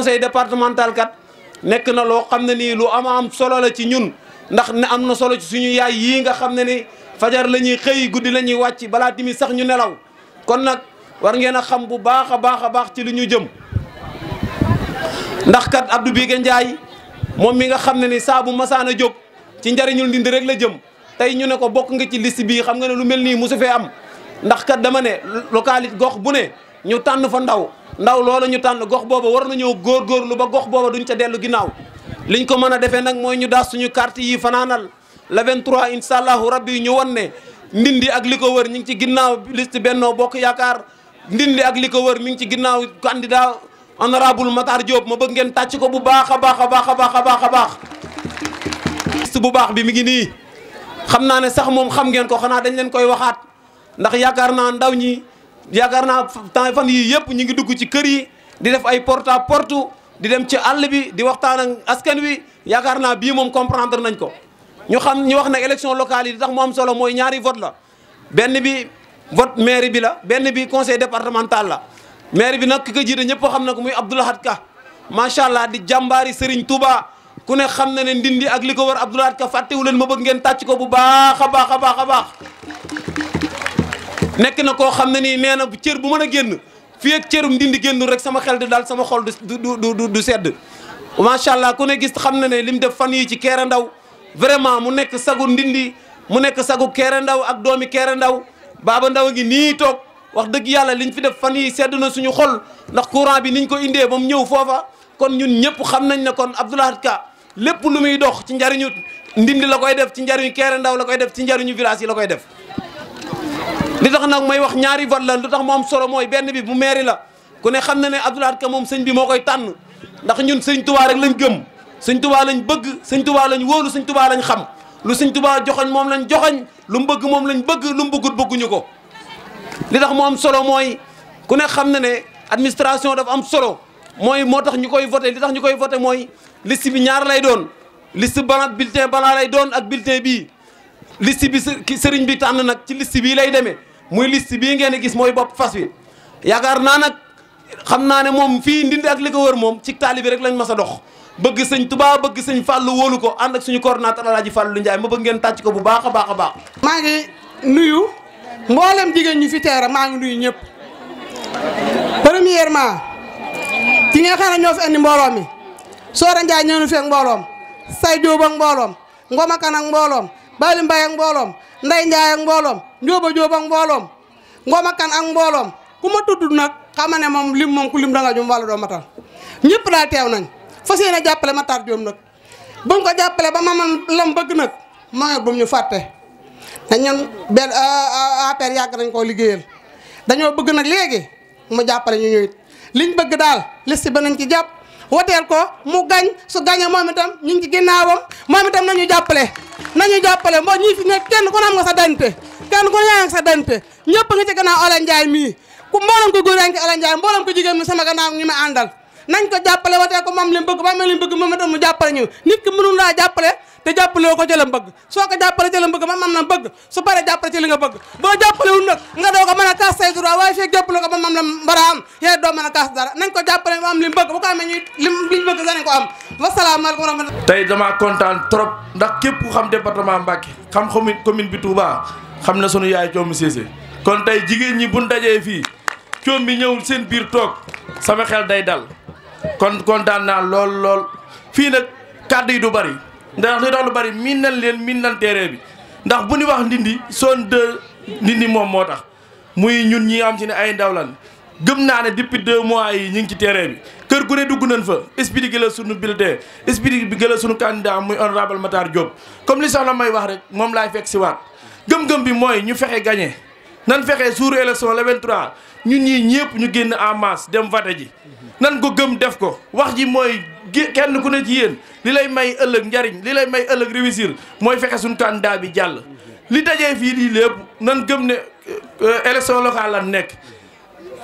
conseil départemental kat nekk na loo xam ne nii lu am am solo la ci ñun ndax ne am na solo ci suñu yaay yii nga xam ne ni fajar la ñuy xëy guddi la ñuy wàcc balaa timi sax ñu nelaw kon nag war ngeen a xam bu baax a baax a baax ci li ñu jëm ndax kat Abdou Bigue Ndiaye moom mi nga xam ne ni saabu bu masaan a jóg ci njariñul ndindi rek la jëm tey ñu ne ko bokk nga ci list bii xam nga ne lu mel nii mosu fee am ndax kat dama ne localité gox bu ne ñu tànn fa ndaw ndaw loola ñu tànn gox booba war na ñëw góor góorgóorlu ba gox booba duñ ca dellu ginnaaw liñ ko mën a defe nag mooy ñu daas suñu carte yi fanaanal le 23 incha allahu rabbi ñu won ne ndindi ak li ko wër ñu ngi ci ginnaaw liste Benno Bokk Yaakaar ndindi ak li ko wër mi ngi ci ginnaaw candidat honorable mataar Diop ma bëgg ngeen tàcc ko bu baax a baax a baax a baax a baax a baax bu baax bi mi ngi nii xam naa ne sax moom xam ngeen ko xanaa dañ leen koy waxaat ndax yaakaar naa ndaw ñi yaakaar naa temps fan yii yëpp ñu ngi dugg ci kër yi di def ay porta à porte di dem ci àll bi di waxtaan ak askan wi yaakaar naa bii moom comprendre nañ ko ñu xam ñu wax ne élection locale yi di tax mu am solo mooy ñaari vote la benn bi vote mairie bi la benn bi conseil départemental la maire bi nag ki ko jiite ñëpp xam na ko muy Abdoulahat Ka macha allah di jàmbaari Serigne Touba ku ne xam na ne ndindi ak li ko war Abdoulahat Ka fàttewu leen ma bëgg ngeen tàcc ko bu baax baax a a baax nekk na koo xam ne ni nee na cër bu mën a génn fii ak cërum dindi génn rek sama xel di daal sama xol du du du du sedd macha allah ku ne gis xam na ne lim def fan yi ci Kéré Ndaw vraiment mu nekk sagu ndindi mu nekk sagu Kéré Ndaw ak doomi Kéré Ndaw Baba Ndaw ngi nii toog wax dëgg yàlla liñ fi def fan yi sedd na suñu xol ndax courant bi niñ ko indee ba mu ñëw foofa kon ñun ñëpp xam nañ ne kon Abdoulahat Ka lépp lu muy dox ci njariñu ndindi la koy def ci njariñu Kéré Ndaw la koy def ci njariñu village yi la koy def li tax nag may wax ñaari vote la lu tax moom am solo mooy benn bi mu mairie la ku ne xam na ne Abdou Lahad Ka moom sëñ bi moo koy tànn ndax ñun sëñ tubaa rek lañ gëm sëñ tubaa lañ bëgg sëñ tubaa lañ wóolu sëñ tubaa lañ xam lu sëñ tubaa joxoñ moom lañ joxoñ lu mbëgg moom lañ bëgg lu mu bëggut bëgguñu ko li tax mu am solo mooy ku ne xam ne ne administration dafa am solo mooy moo tax ñu koy vote li tax ñu koy voté mooy liste bi ñaar lay doon liste blanc bulletin blanc lay doon ak bulletin bii liste bi sëriñ bi tànn nag ci liste bii lay demee muy liste bii ngeen di gis mooy bopp fas wi yaakaar naa nag xam naa ne moom fii ndindi ak li ko wër moom ci taali bi rek lañ mas a dox bëgg sëñ Tuubaa bëgg sëñ Fàllu woolu ko ànd ak suñu coordonnateur Alaaji Fàllu Njaay ma bëgg ngeen tàcc ko bu baax a baax a baax maa ngi nuyu mboolem jigéen ñu fi teera maa ngi nuyu ñëpp premièrement ci nga xam ne ñoo fi andi mbooloom mi Soora Njaay ñëw na fi ak mbooloom Say Jóob ak mbooloom Ngoma Kan mbooloom Bali Mbay mbooloom nday njaay ak mbooloom njóoba jóob mbooloom mbooloom a kan ak mbooloom ku ma tudd nag xama ne moom lim moom ku lim da nga jum wala doo matal ñëpp daal teew nañ fas yéene jàppale ma tar joom nag buñ ko jàppale ba ma man lam bëgg nag mooy bu ñu fàtte dañ ñun benn APR yàgg nañ koo liggéeyal dañoo bëgg nag léegi mu jàppale ñu ñuy liñ bëgg daal liste ba nañ ci jàpp woteel ko mu gañ su gañee moom itam ñu ngi ci ginnaawam moom itam nañu jàppale nañu jàppale mboo ñii fi nekk kenn ku ne am nga sa dante kenn ku ne yaa ngi sa dante ñëpp nga ci gannaaw Alla Ndiaye mii ku mbooloom ko góor yaa ngi ci Alla Ndiaye mbooloom ko jigéen mi sama gannaaw ngi ma àndal nañ ko jàppale watee ko moom li mu bëgg ba mu bëgg moom itam mu jàppale ñu nit ki mënul laa jàppale te jàppalewoo ko ci la bëgg soo ko jàppale ci la bëgg bëgg su paree jàppale ci nga bëgg boo jàppalewul nag nga ko a kaas say droit waaye feeg jàppale ko a am yéen doo mën a kaas dara nañ ko jàppale mu am li mu bëgg bu ko amee ñu lim liñ bëgg danañ ko am wasalaamaaleykum wa tey damaa kontaan trop ndax képp xam département Mbacké xam commune bi Touba xam na sunu yaay Coombi Cissé kon tey jigéen ñi buñ dajee fii coom bi ñëwul seen biir toog sama xel day dal kon kontaan naa lool lool fii nag kàddu yi du bari ndax li tax lu bari miin nañ leen miin nañ téere bi ndax bu ñu wax ndindi zone 2 ndindi moom moo tax muy ñun ñi am ci ne ay ndaw lan gëm naa ne depuis deux mois yi ñu ngi ci terrain bi kër gu ne dugg nañ fa expliqué la sunu bulletin expliqué la sunu candidat muy honorable Matar Diop. comme li soxna may wax rek moom laay fekk si waat gëm-gëm bi mooy ñu fexe gagné nan fexe suuru élection le 23 ñun ñi ñëpp ñu génn en masse dem vote ji. nan ko gëm def ko wax ji mooy kenn ku ne ci yéen li lay may ëllëg njariñ li lay may ëllëg réussir mooy fexe suñu daa bi jàll. li dajee fii di lépp nan gëm ne euh, euh, élection locale lan nekk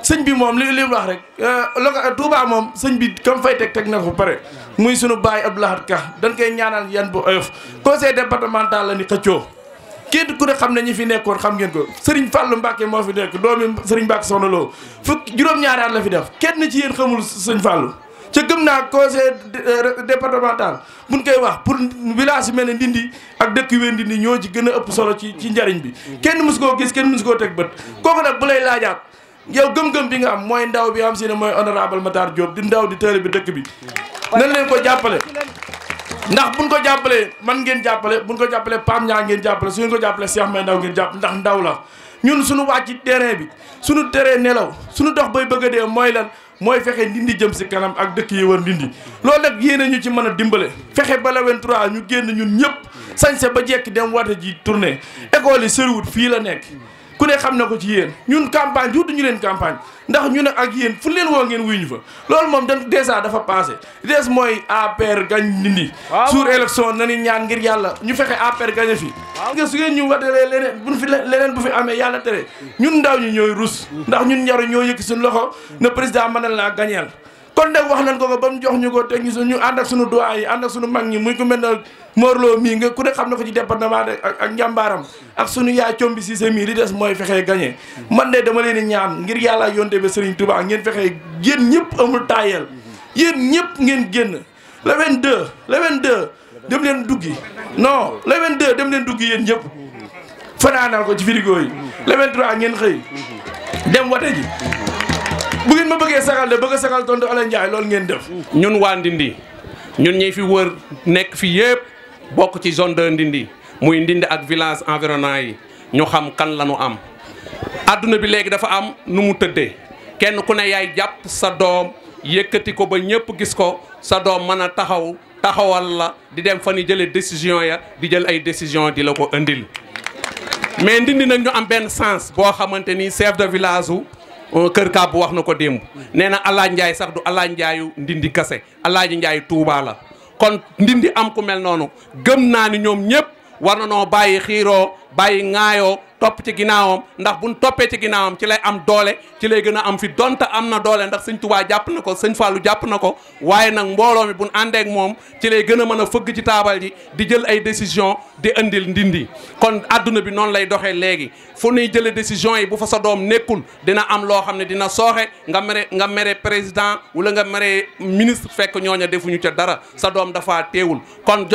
sëñ bi moom li li wax rek euh, loca Touba moom sëñ bi comme fay teg teg na ko pare. muy sunu baay Abdou Lahad Ka dan koy ñaanal yan bu oyof conseil départemental la ni xëccoo. kenn ku ne xam ne ñi fi nekkoon xam ngeen ko Serigne Fallou Mbacke moo fi nekk doomi Serigne Mbacke soxna Lo fukk juróom-ñaari at la fi def kenn ci yéen xamul Serigne Fallou ca gëm naa conseil euh, départemental buñ koy wax pour village yi mel ne Ndindi ak dëkk yu Ndindi ñoo ci gën a ëpp solo ci ci njariñ bi kenn mësu koo gis kenn mësu koo teg bët kooku nag bu lay laajaat yow gëm-gëm bi nga am mooy ndaw bi am si ne mooy honorable Matar Diop di ndaw di tëële bi dëkk bi nañ leen ndax buñ ko jàppalee man ngeen jàppale buñ ko jàppalee Pam ñaa ngeen jàppale su ngeen ko jàppalee Cheikh Mbaye Ndaw ngeen jàpp ndax ndaw la ñun suñu wàcc terrain bi suñu teree nelaw suñu dox bay bëgg a dee mooy lan mooy fexe ndindi jëm si kanam ak dëkk yi war ndindi loolu nag yéen ñu ci mën a dimbale fexe ba le 23 ñu génn ñun ñëpp sañse ba jekki dem wate ji tournée école yi sëriwut fii la nekk ku ne xam na ko ci yéen ñun campagne ju duñu leen campagne ndax ñu ne ak yéen fu leen woo ngeen wuy ñu fa loolu moom dañ dèjà dafa passé des mooy APR gañ Ndindi suur na nañu ñaan ngir yàlla ñu fexe APR gañ fi nga su ngeen ñu wadalee leneen buñ fi leneen bu fi amee yàlla tere ñun ndaw ñu ñooy rus ndax ñun njaru ñoo yëkki suñu loxo na président mën na laa gañeel kon nag wax nañ ko ko ba mu jox ñu ko te gis ñu ànd ak suñu doyen yi ànd ak suñu mag ñi muy ku mel ne Morlo mii nga ku ne xam na ko ci département de ak njàmbaaram ak suñu yaay combi Cissé mii li des mooy fexee gagné. man de dama leen di ñaan ngir yàlla yonte ba Serigne Touba ngeen fexe yéen ñëpp amul taayal yéen ñëpp ngeen génn le 22 le 22 dem leen duggi non le 22 dem leen duggi yéen ñëpp fanaanal ko ci frigo yi le 23 ngeen xë dem wate ji. bu ngeen ma bëggee saxal de bëgg a saxal tontu Alane Ndiaye loolu ngeen def. ñun waa Ndindi ñun ñi fi wër nekk fii yëpp bokk ci zone de Ndindi muy Ndindi ak village environnant yi ñu xam kan la ñu am. àdduna bi léegi dafa am nu mu tëddee kenn ku ne yaay jàpp sa doom yëkkati ko ba ñëpp gis ko sa doom mën a taxaw taxawal la di dem fa ni jëlee décision ya di jël ay décision di la ko indil. mais ndindi nag ñu am benn sens boo xamante ni chef de village kër kàbbu wax na ko démb nee na alaaji njaay sax du alaaji njaayu ndindi kase alaaji njaay tuubaa la kon ndindi am ku mel noonu gëm naa ni ñoom ñëpp war na noo bàyyi xiiroo bàyyi ŋaayoo topp ci ginnaawam ndax buñ toppee ci ginnaawam ci lay am doole ci lay gën a am fi donte am na doole ndax sëñ Tuubaa jàpp na ko sëñ Fallou jàpp na ko waaye nag mbooloo mi bu àndee àndeek moom ci lay gën a mën a fëgg ci taabal ji di jël ay décision di andil ndindi kon adduna bi noonu lay doxee léegi fu nuy jëlee décision yi bu fa sa doom nekkul dina am loo xam ne dina sooxe nga mere nga mere président wala nga mere ministre fekk ñooña defuñu ca dara sa doom dafa teewul kon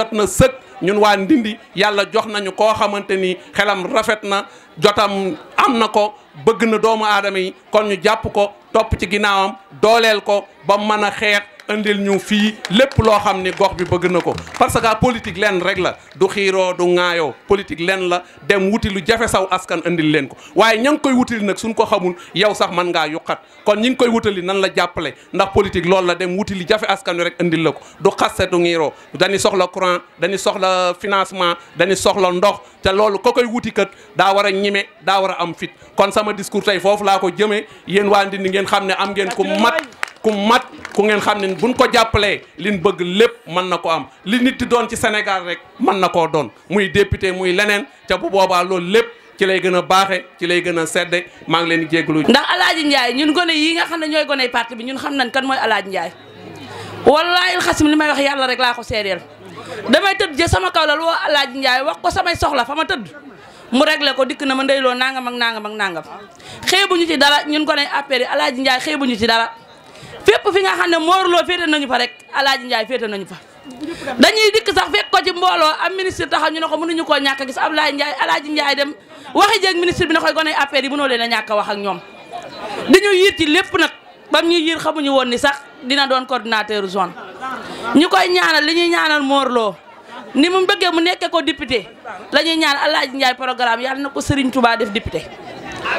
ni xelam rafet na jotam am na ko bëgg na doomu aadama yi kon ñu jàpp ko topp ci ginnaawam dooleel ko ba mën a xeex indil ñu fii lépp loo xam ni gox bi bëgg na ko parce que politique lenn rek la du xiiroo du ŋaayoo politique lenn la dem wuti lu jafe saw askan indil leen ko waaye ña ngi koy wutali nag suñ ko xamul yow sax mën ngaa yuqat kon ñi ngi koy wutali nan la jàppale ndax politique loolu la dem wuti li jafe askan wi rek indil la ko du xaste du ŋiiroo dañu soxla courant dañu soxla financement dañu soxla ndox te loolu ko koy wuti kat daa war a ñime daa war a am fit kon sama discours tey foofu laa ko jëmee yéen waa ngeen xam ne am ngeen ku mat ku mat ku ngeen xam ne buñ ko jàppalee liñ bëgg lépp mën na ko am li nit di doon ci Sénégal rek mën na koo doon muy député muy leneen ca bu boobaa loolu lépp ci lay gën a baaxe ci lay gën a sedde maa ngi leen di jégalu ndax alaaji Ndiaye ñun gone yi nga xam ne ñooy gone parti bi ñun xam nañ kan mooy alaaji Ndiaye wallaahi xasim li may wax yàlla rek laa ko seedeel damay tëdd jë sama kaw la lu alaaji Ndiaye wax ko samay soxla fa ma tëdd mu réglé ko dikk na ma ndeyloo nangam ak nangam ak nangam xëy fépp fi nga xam ne moorloo féete nañu fa rek a alaaji Ndiaye féete nañu fa dañuy dikk sax fekk ko ci mbooloo am ministre taxaw ñu ne ko mënuñu koo ñàkk gis Ablaye Ndiaye alaaji Ndiaye dem waxi jéeg ministre bi na koy gone affaire yi mënoo leen a ñàkk a wax ak ñoom lépp nag bam ñuy yiir xamuñu woon ni sax dina doon coordinateur zone ñu koy ñaanal li ñuy ñaanal moorloo ni mu mbëggee mu nekkee ko député la ñuy ñaan alaaji Ndiaye programme yàlla na ko Serigne Touba def député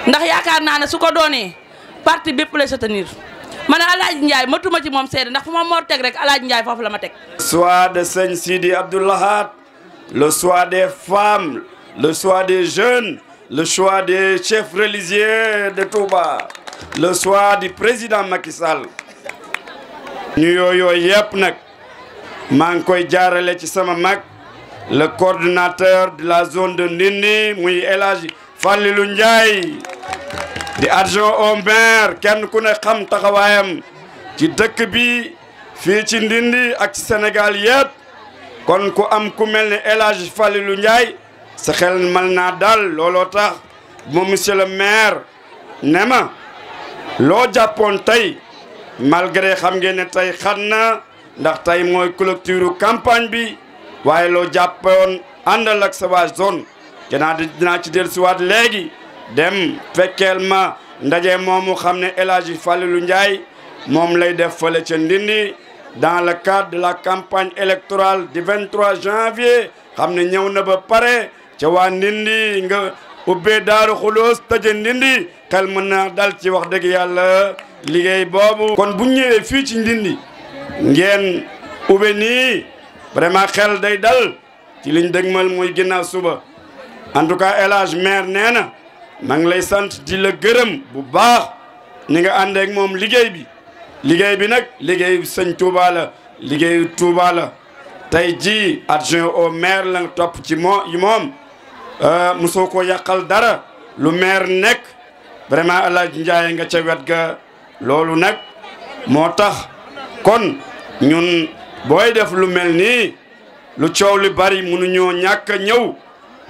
ndax yaakaar naa ne su ko doonee parti bépp lay soutenir man Alaaji Ndiaye matuma ci moom seede ndax fu ma moor teg rek Alaaji Ndiaye foofu la ma teg. choix de sëñ siidi Abdou Lahad le choix des femmes le choix des jeunes le choix des chefs religieux de Touba le choix du président Macky Sall. ñu yooyu yëpp nag maa ngi koy jaarale ci sama mag le coordinateur de la zone de Ndindi muy El Hadj Fallilou di adjoint au maire kenn ku ne xam taxawaayam ci dëkk bi fii ci Ndindi ak ci Sénégal yëpp kon ku am ku mel ne El Hadj lu Ndiaye sa xel mal naa daal looloo tax moom monsieur le maire ne ma loo jàppoon tey malgré xam ngeen ne tey xan na ndax tey mooy clôture campagne bi waaye loo jàppoon àndal ak sa waa zone dinaa dinaa ci dellusiwaat léegi dem fekkeel ma ndaje moomu xam ne El fale lu Ndiaye moom lay def fële ca Ndindi dans le cadre de la campagne électorale du 23 janvier xam ne ñëw na ba pare ca waa Ndindi nga ubbee Daaru Xuloos tëje Ndindi xel mën naa dal ci wax dëgg yàlla liggéey boobu. kon bu ñëwee fii ci Ndindi ngeen ubbe nii vraiment xel day dal ci liñ dëgmal muy ginnaaw suba en tout cas El Hadji nee na. maa ngi lay sant di la gërëm bu baax ni nga ànd ak moom liggéey bi liggéey bi nag liggéeyu sëñ Touba la liggéeyu Touba la tey jii adjoint au maire la topp ci moo yi moom euh, mosoo ko yàqal dara lu maire nekk vraiment El Hadj Ndiaye nga ca wet ga loolu nag moo tax kon ñun booy def lu mel nii lu coow li bari mënuñoo ñàkk ñëw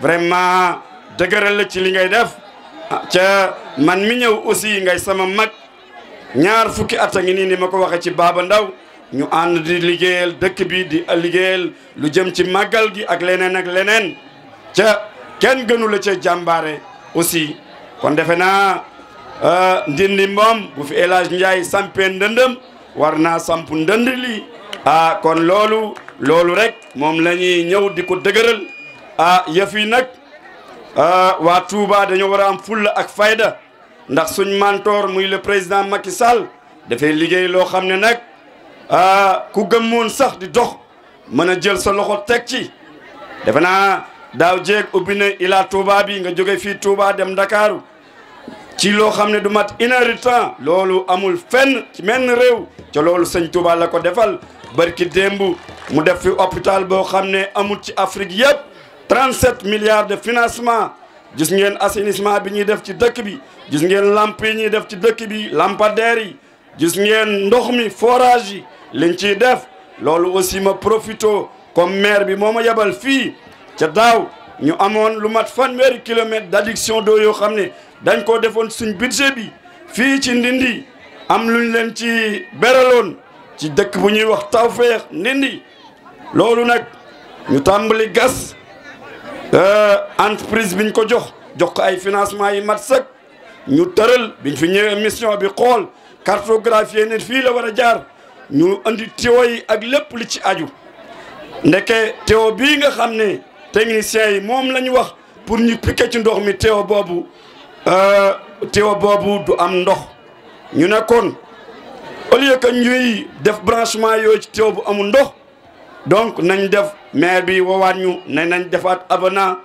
vraiment dëgëral la ci li ngay def ca man mi ñëw aussi ngay sama mag ñaar fukki at a ngi nii ni ma ko waxee ci baaba ndaw ñu ànd di liggéeyal dëkk bi di liggéeyal lu jëm ci màggal gi ak leneen ak leneen ca kenn gënu la ca jàmbaare aussi kon defe naa euh, ndindi moom bu fi El Hadj Ndiaye ndëndëm war naa samp ndënd li ah kon loolu loolu rek moom la ñëw di ko dëgëral ah yëf nag Ah, waa Touba dañoo war a am fulla ak fayda ndax suñ mentor muy le président Macky Sall dafay liggéey loo xam ne nag ah, ku gëmmoon sax di dox mën a jël sa loxo teg ci defe naa daaw jéeg ubbi na Ila Touba bi nga jóge fii Touba dem Ndakaaru ci loo xam ne du mat une heure loolu amul fenn ci menn réew ca loolu sëñ Touba la ko defal barki démb mu def fi hôpital boo xam ne amul ci Afrique yëpp 37 milliards de financement gis ngeen assainissement bi ñuy def ci dëkk bi gis ngeen lamp ñuy def ci dëkk bi lampadaire yi gis ngeen ndox mi forage yi liñ ciy def loolu aussi ma profito comme maire bi moo ma yebal fii ca daaw ñu amoon lu mat fanweeri kilomètre d'adduction d'eau yoo xam ne dañ koo defoon suñ budget bi fii ci ndindi am luñ leen ci beraloon ci dëkk bu ñuy wax Tawfeex ndindi loolu nag ñu tàmbali gas Euh, entreprise biñ ko jox jox ko ay financement yi mat sëkk ñu tëral biñ fi ñëwee mission bi xool cartographie ne fii la war a jaar ñu andi tuyau yi ak lépp li ci aju ndeke tuyau bi nga xam ne techniciens yi moom la ñu wax pour ñu piquer ci ndox mi tuyau boobu euh, tuyau boobu du am ndox ñu nekkoon kon au que ñuy def branchement yooyu ci tuyau bu amul ndox donc nañ def maire bi woowaat ñu ne nañ defaat abana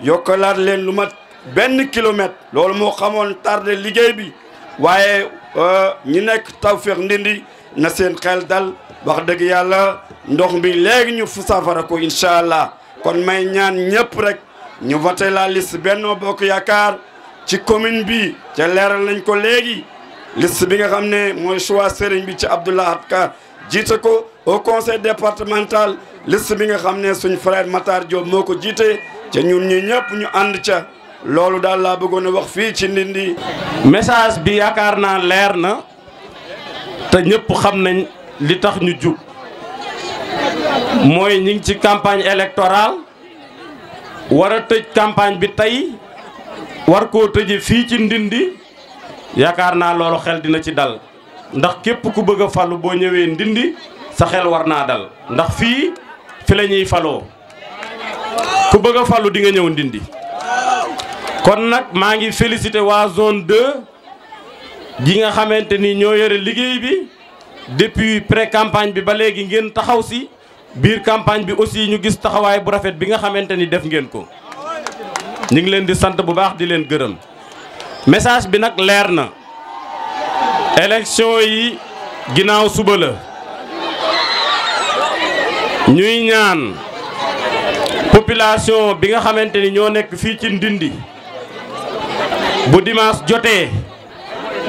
yokkalaat leen lu mat benn kilomètre loolu moo xamoon tardé liggéey bi waaye euh, ñi nekk Tawfekh Ndindi na seen xel dal wax dëgg yàlla ndox mi léegi ñu fu safara ko incha allah kon may ñaan ñëpp rek ñu voté la liste Benno Bokk Yaakaar ci commune bi ca leeral nañ ko léegi liste bi nga xam ne mooy choix sëriñ bi ci Abdoulaye Ka jiite ko au conseil départemental liste bi nga xam ne suñ frère Matar Diop moo ko jiite ca ñun ñi ñëpp ñu ànd ca loolu daal laa bëggoon a wax fii ci Ndindi. message bi yaakaar naa leer na te ñëpp xam nañ li tax ñu jug mooy ñu ngi ci campagne électorale war tëj campagne bi tey war koo tëje fii ci Ndindi yaakaar naa loolu xel dina ci dal ndax képp ku bëgg a falu boo ñëwee Ndindi. sa xel war naa dal ndax fii fi la ñuy faloo ku bëgg a falu di nga ñëw ndindi kon nag maa ngi félicité waa zone de ji nga xamante ni ñoo yore liggéey bi depuis pré campagne bi ba léegi ngeen taxaw si biir campagne bi aussi ñu gis taxawaay bu rafet bi nga xamante ni def ngeen ko ñu ngi leen di sant bu baax di leen gërëm message bi nag leer na élection yi ginnaaw suba la ñuy ñaan population bi nga xamante ni ñoo nekk fii ci Ndindi bu dimaas jotee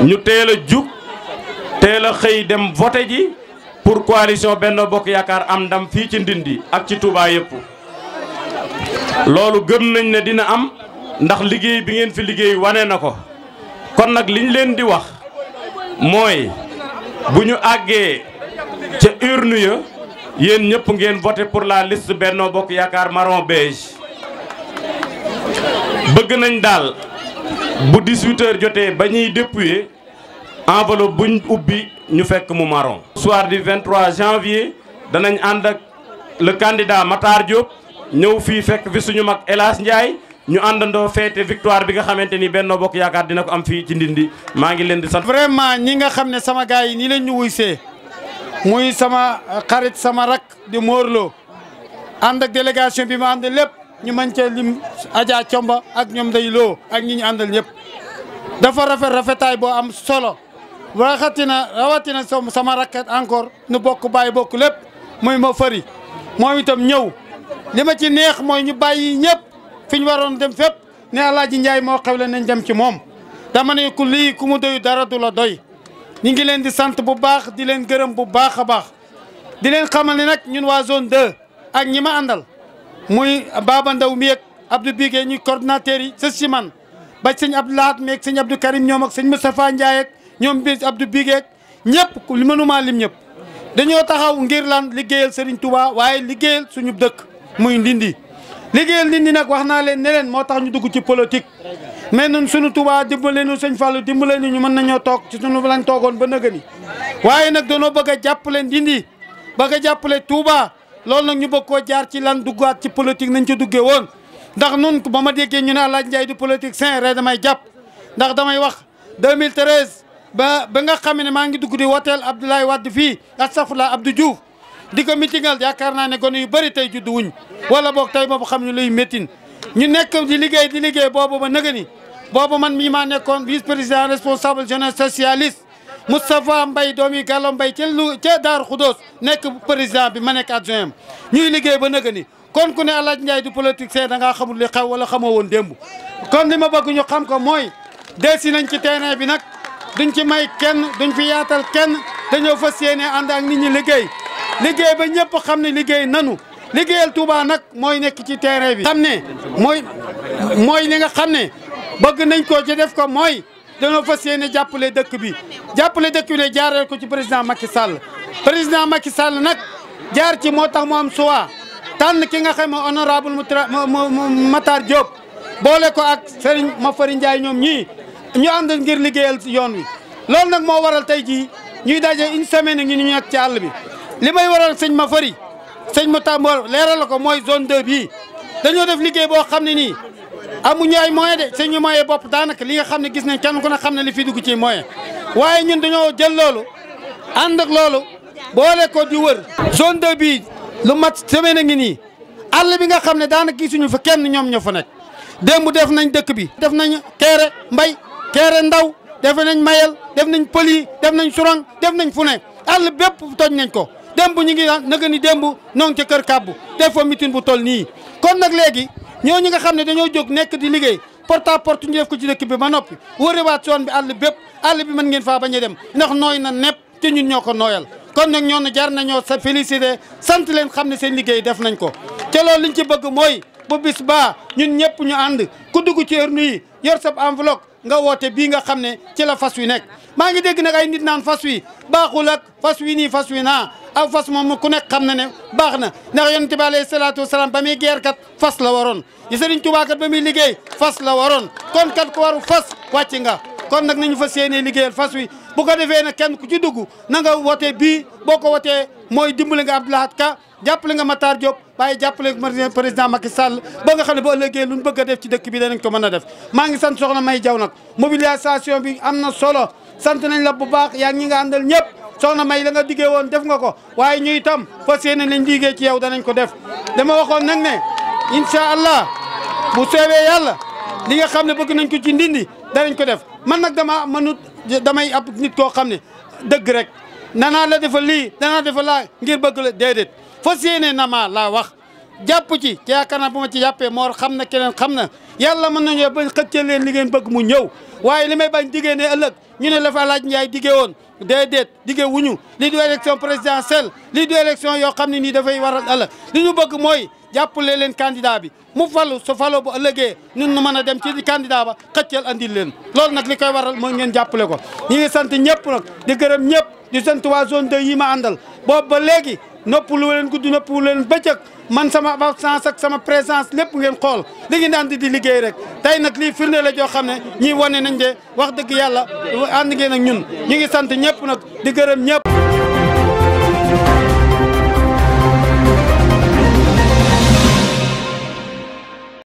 ñu teel a jug teel a xëy dem voté ji pour coalition benn Bokk Yaakaar am ndam fii ci Ndindi ak ci Touba yëpp loolu gëm nañ ne dina am ndax liggéey bi ngeen fi liggéey wane na ko kon nag liñ leen di wax mooy bu ñu àggee ca urne ya yéen ñëpp ngeen voté pour la liste Benno Bokk Yaakaar marron beige bëgg nañ daal bu 18h jotee ba ñuy dépouiller enveloppe buñ ubbi ñu fekk mu maron soir du 23 janvier danañ ànd ak le candidat Matar Diop ñëw fii fekk fi suñu mag El Hadj Ndiaye ñu àndandoo feete victoire bi nga xamante ni Benno Bokk Yaakaar dina ko am fii ci Ndindi maa ngi leen di sant. vraiment ñi nga xam ne sama gars yi nii leen ñu wuysee muy sama xarit sama rak di Morlo ànd ak délégation bi ma ànd lépp ñu mën cee lim Adja Comba ak ñoom day loo ak ñi ñu àndal ñëpp dafa rafet rafetaay boo am solo waxatina rawatina sama rakkat encore nu bokk bàyyi bokk lépp muy ma fëri moom itam ñëw li ma ci neex mooy ñu bàyyi ñëpp fi ñu waroon dem fépp ne yi Njaay moo xewle nañ dem ci moom dama ne ku lii ku mu doy dara du la doy ñi ngi leen di sant bu baax di leen gërëm bu baax a baax di leen xamal ni nag ñun waa zone 2 ak ñi ma àndal muy Baba Ndaw mi ak Abdou Bigué ñuy coordonnateur yi sës si man ba sëñ Abdou Lahat mi sëñ Abdou Karim ñoom ak sëñ Moustapha Ndiaye ak ñoom bi Abdou Bigué ak ñëpp li mënumaa lim ñëpp dañoo taxaw ngir lan liggéeyal Serigne Touba waaye liggéeyal suñu dëkk muy Ndindi liggéeyal nit ñi nag wax naa leen ne leen moo tax ñu dugg ci politique mais nun suñu Touba dimbale nu sëñ Fallou dimbale nu ñu mën nañoo toog ci suñu lañ toogoon ba nëgëni waaye nag danoo bëgg a jàppale Ndindi bëgg a jàppale Touba loolu nag ñu bëgg koo jaar ci lan duggaat ci politique nañ ci duggee woon ndax nun ba ma déggee ñu ne Alaaji Njaay du politique saint re damay jàpp ndax damay wax 2013 ba ba nga xam ne maa ngi dugg di woteel Abdoulaye Wade fii astafurlah Abdou Diouf di ko mitingal yaakaar naa ne gone yu bëri tey juddu wuñ wala boog tey moom xam ñu luy méttin ñu nekk di liggéey di liggéey boobu ba nëga ni boobu man mii maa nekkoon vice président responsable jeunesse socialiste Moustapha Mbaye doomi Gallo mbay ca lu ca Daaru Xudoos nekk président bi ma nekk adjoint am ñuy liggéey ba nëga ni kon ku ne El Hadj Ndiaye du politicien da ngaa xamul li xew wala xamoo woon démb kon li ma bëgg ñu xam ko mooy delsi nañ ci terrain bi nag duñ ci may kenn duñ fi yaatal kenn dañoo fas yéene ànd ak nit ñi liggéey liggéey ba ñëpp xam ne liggéey nanu liggéeyal Touba nag mooy nekk ci terrain bi. xam ne mooy mooy li nga xam ne bëgg nañ ko ci def ko mooy dañoo fas yéene jàppale dëkk bi jàppale dëkk bi ne jaareel ko ci président Macky Sall président Macky Sall nag jaar ci moo tax mu am suwa tànn ki nga xam ne honorable Matar Diop boole ko ak ma Mafari Ndiaye ñoom ñi ñu ànd ngir liggéeyal yoon wi loolu nag moo waral tey jii ñuy daje une semaine ne ñu nekk ci àll bi. li may waral sëñ ma fari sëñ ma tàmboor leeral la ko mooy zone 2 bii dañoo def liggéey boo xam ne nii amuñu ay moyen de suñu moyen bopp daanaka li nga xam ne gis nañ kenn ku ne xam ne li fi dugg ci moyen waaye ñun dañoo jël loolu ànd ak loolu boole ko di wër zone 2 bii lu mat semaine a ngi nii àll bi nga xam ne daanaka gisuñu fa kenn ñoom ñoo fa nekk démb def nañ dëkk bi def nañu keere mbay keere ndaw def nañ mayel def nañ pël yi def nañ surang def nañ fu ne àll bépp toj nañ ko démb ñu ngi naka ni démb noo ngi ca kër kàbbu tey foo mitin bu toll nii kon nag léegi ñoo ñi nga xam ne dañoo jóg nekk di liggéey porte à porte ñu def ko ci dëkk bi ba noppi wërewaat yoon bi àll bépp àll bi mën ngeen faa bañ a dem ndax nooy na nepp te ñun ñoo ko nooyal kon nag ñoon na jar nañoo sa félicité sant leen xam ne seen liggéey def nañ ko te loolu liñ ci bëgg mooy bu bis baa ñun ñëpp ñu ànd ku dugg ci urne yi yor sab enveloppe nga woote bii nga xam ne ci la fas wi nekk maa ngi dégg nag ay nit naan fas wi baaxul ak fas wi nii fas wi naa aw fas moom ku nekk xam na ne baax na ndax yonent bi alayhi salaatu wasalaam ba muy geer kat fas la waroon yi sëriñ Tuubaa kat ba muy liggéey fas la waroon kon kat ku waru fas wàcc nga kon nag nañu fas yéenee liggéeyal fas wi bu ko defee nag kenn ku ci dugg na nga wootee bii boo ko wootee mooy dimbali nga Abdou Ka jàppale nga Matar Diop waaye jàppale président Macky Sall ba nga xam ne bu ëllëgee lu ñu bëgg a def ci dëkk bi danañ ko mën a def maa ngi sant soxna May Jaw nag mobilisation bi am na solo sant nañ la bu baax yaa ñi nga àndal ñëpp soxna May la nga diggee woon def nga ko waaye ñuy tam fas yéene nañ liggéey ci yow danañ ko def dama waxoon nag ne incha allah bu seewee yàlla li nga xam ne bëgg nañ ko ci ndindi danañ ko def man nag dama mënut damay ab nit koo xam ne dëgg rek nanaa la defal lii danaa defal laa ngir bëgg la fas yéene na ma laa wax jàpp ci ci yaakaar naa bu ma ci jàppee moor xam na keneen xam na yàlla mën nañu bañ xëccee leen li ngeen bëgg mu ñëw waaye li may bañ diggee ëllëg ñu ne la fa laaj Ndiaye diggee woon déedéet wu wuñu lii du élection présidentielle lii du élection yoo xam ne nii dafay waral ëllëg li ñu bëgg mooy jàppale leen candidat bi mu falu su faloo bu ëllëgee ñun nu mën a dem ci candidat ba xëcceel andil leen loolu nag li koy waral moo ngeen jàppale ko ñi ngi sant ñëpp nag di gërëm ñëpp di sant waa zone 2 yi ma àndal boo ba léegi noppalu leen gudd noppalu leen bëccëg man sama absence ak sama présence lépp ngeen xool li ngeen ànd di liggéey rek tey nag lii firnde la joo xam ne ñii wane nañ de wax dëgg yàlla ànd ngeen ak ñun ñi ngi sant ñëpp nag di gërëm ñëpp